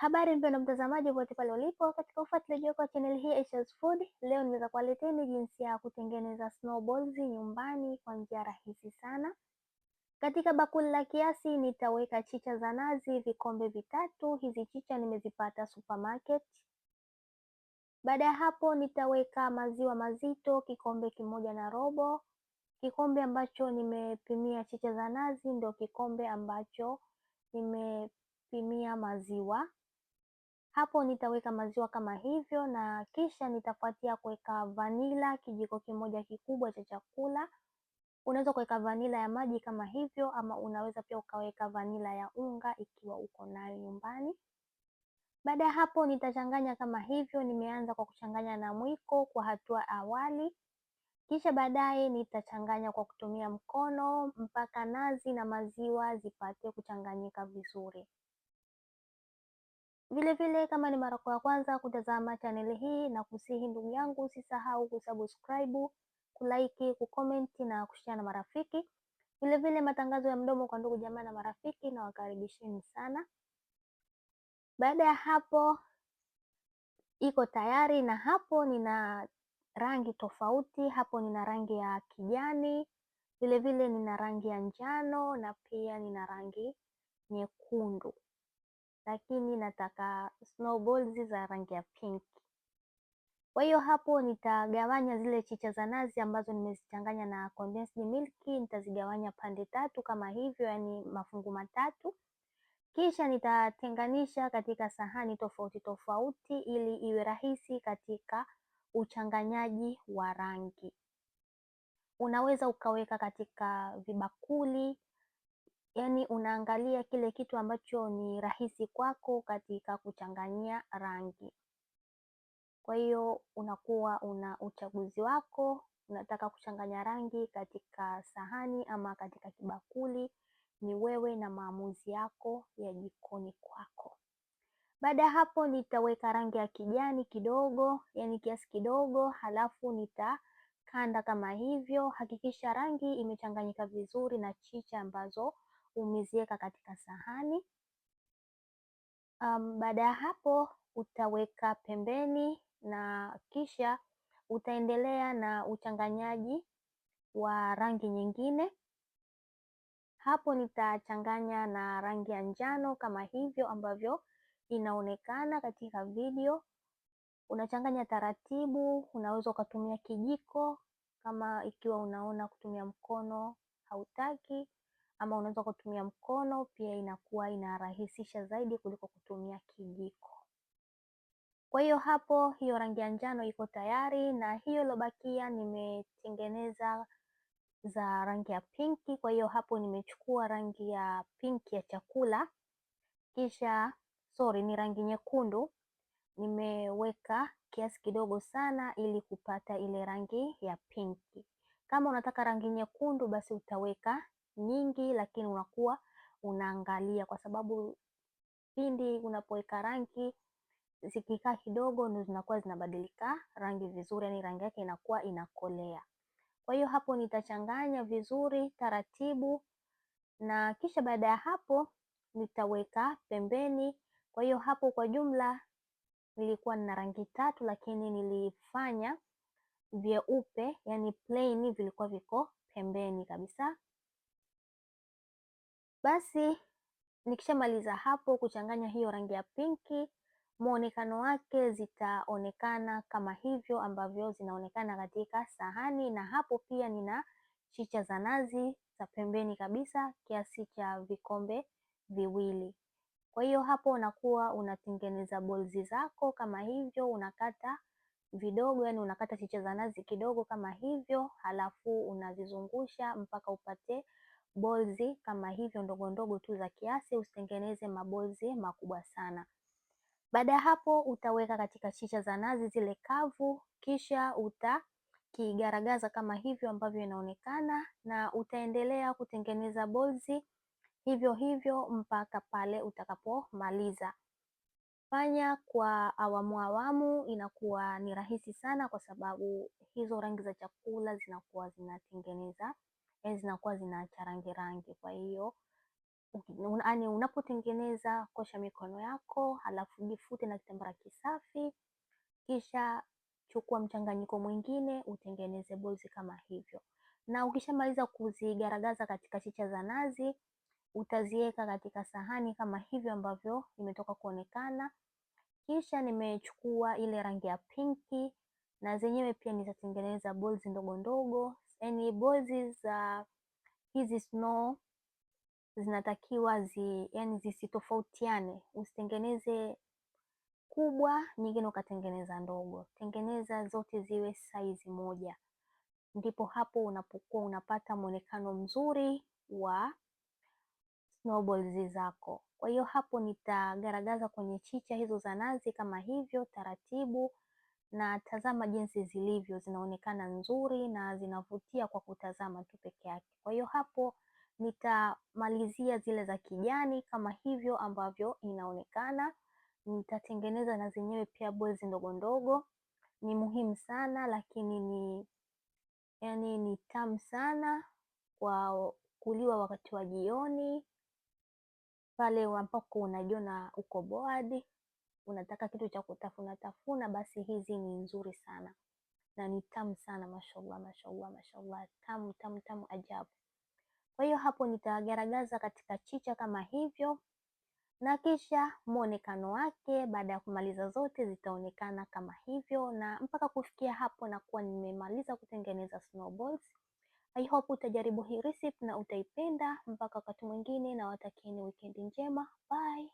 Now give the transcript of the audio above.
Habari mpendwa mtazamaji, popote pale ulipo katika ufuatiliaji wako wa channel hii Aisha's Food. Leo nimeweza kuwaleteni jinsi ya kutengeneza snowballs nyumbani kwa njia rahisi sana. Katika bakuli la kiasi nitaweka chicha za nazi vikombe vitatu. Hizi chicha nimezipata supermarket. Baada ya hapo, nitaweka maziwa mazito kikombe kimoja na robo. Kikombe ambacho nimepimia chicha za nazi ndio kikombe ambacho nimepimia maziwa hapo nitaweka maziwa kama hivyo, na kisha nitafuatia kuweka vanila kijiko kimoja kikubwa cha chakula. Unaweza kuweka vanila ya maji kama hivyo, ama unaweza pia ukaweka vanila ya unga ikiwa uko nayo nyumbani. Baada ya hapo nitachanganya kama hivyo. Nimeanza kwa kuchanganya na mwiko kwa hatua awali, kisha baadaye nitachanganya kwa kutumia mkono mpaka nazi na maziwa zipate kuchanganyika vizuri. Vilevile, kama ni mara yako ya kwanza kutazama chaneli hii, na kusihi ndugu yangu usisahau kusubscribe, kulike, kucomment na kushare na marafiki. Vilevile, matangazo ya mdomo kwa ndugu jamaa na marafiki, na wakaribisheni sana. Baada ya hapo iko tayari, na hapo nina rangi tofauti. Hapo nina rangi ya kijani, vilevile nina rangi ya njano na pia nina rangi nyekundu lakini nataka snowballs za rangi ya pink. Kwa hiyo hapo nitagawanya zile chicha za nazi ambazo nimezichanganya na condensed milk, nitazigawanya pande tatu kama hivyo, yani mafungu matatu, kisha nitatenganisha katika sahani tofauti tofauti ili iwe rahisi katika uchanganyaji wa rangi. Unaweza ukaweka katika vibakuli yani unaangalia kile kitu ambacho ni rahisi kwako katika kuchanganyia rangi. Kwa hiyo unakuwa una uchaguzi wako, unataka kuchanganya rangi katika sahani ama katika kibakuli, ni wewe na maamuzi yako ya jikoni kwako. Baada ya hapo nitaweka rangi ya kijani kidogo, yani kiasi kidogo, halafu nitakanda kama hivyo. Hakikisha rangi imechanganyika vizuri na chicha ambazo umeziweka katika sahani. Um, baada ya hapo utaweka pembeni na kisha utaendelea na uchanganyaji wa rangi nyingine. Hapo nitachanganya na rangi ya njano kama hivyo ambavyo inaonekana katika video. Unachanganya taratibu, unaweza ukatumia kijiko kama ikiwa unaona kutumia mkono hautaki ama unaweza kutumia mkono pia, inakuwa inarahisisha zaidi kuliko kutumia kijiko. Kwa hiyo hapo, hiyo rangi ya njano iko tayari, na hiyo iliyobakia nimetengeneza za rangi ya pinki. Kwa hiyo hapo nimechukua rangi ya pinki ya chakula, kisha sorry, ni rangi nyekundu. Nimeweka kiasi kidogo sana, ili kupata ile rangi ya pinki. Kama unataka rangi nyekundu, basi utaweka nyingi, lakini unakuwa unaangalia, kwa sababu pindi unapoweka rangi zikikaa kidogo ndo zinakuwa zinabadilika rangi vizuri, yani rangi yake inakuwa inakolea. Kwa hiyo hapo nitachanganya vizuri taratibu, na kisha baada ya hapo nitaweka pembeni. Kwa hiyo hapo kwa jumla nilikuwa nina rangi tatu, lakini nilifanya vyeupe, yani plain vilikuwa viko pembeni kabisa basi nikishamaliza hapo kuchanganya hiyo rangi ya pinki, muonekano wake zitaonekana kama hivyo ambavyo zinaonekana katika sahani, na hapo pia nina chicha za nazi za pembeni kabisa kiasi cha vikombe viwili. Kwa hiyo hapo unakuwa unatengeneza bolzi zako kama hivyo, unakata vidogo, yani unakata chicha za nazi kidogo kama hivyo, halafu unavizungusha mpaka upate bolzi kama hivyo ndogo ndogo tu za kiasi, usitengeneze mabolzi makubwa sana. Baada ya hapo utaweka katika chicha za nazi zile kavu, kisha utakigaragaza kama hivyo ambavyo inaonekana, na utaendelea kutengeneza bolzi hivyo hivyo mpaka pale utakapomaliza. Fanya kwa awamu awamu, inakuwa ni rahisi sana, kwa sababu hizo rangi za chakula zinakuwa zinatengeneza Yaani zinakuwa zinaacha rangi rangi. Kwa hiyo yaani, unapotengeneza kosha mikono yako, halafu jifute na kitambara kisafi, kisha chukua mchanganyiko mwingine utengeneze bozi kama hivyo, na ukishamaliza kuzigaragaza katika chicha za nazi, utaziweka katika sahani kama hivyo ambavyo imetoka kuonekana. Kisha nimechukua ile rangi ya pinki na zenyewe pia nitatengeneza balls ndogo ndogo any yaani bozi za hizi snow zinatakiwa zi, yani zisitofautiane. Usitengeneze kubwa nyingine ukatengeneza ndogo, tengeneza zote ziwe saizi moja, ndipo hapo unapokuwa unapata mwonekano mzuri wa snowballs zako. Kwa hiyo hapo nitagaragaza kwenye chicha hizo za nazi kama hivyo taratibu na tazama jinsi zilivyo, zinaonekana nzuri na zinavutia kwa kutazama tu peke yake. Kwa hiyo hapo nitamalizia zile za kijani kama hivyo ambavyo inaonekana. Nitatengeneza na zenyewe pia bwezi ndogo ndogo, ni muhimu sana lakini ni yani, ni tamu sana kwa kuliwa wakati wa jioni pale ambapo unajiona uko bored unataka kitu cha kutafuna tafuna, basi hizi ni nzuri sana na ni tamu sana. Mashallah, mashallah, mashallah, tamu tamu tamu ajabu. Kwa hiyo hapo nitagaragaza katika chicha kama hivyo, na kisha mwonekano wake baada ya kumaliza zote zitaonekana kama hivyo, na mpaka kufikia hapo nakuwa nimemaliza kutengeneza snowballs. I hope utajaribu hii recipe na utaipenda. Mpaka wakati mwingine, na watakieni weekend njema, bye.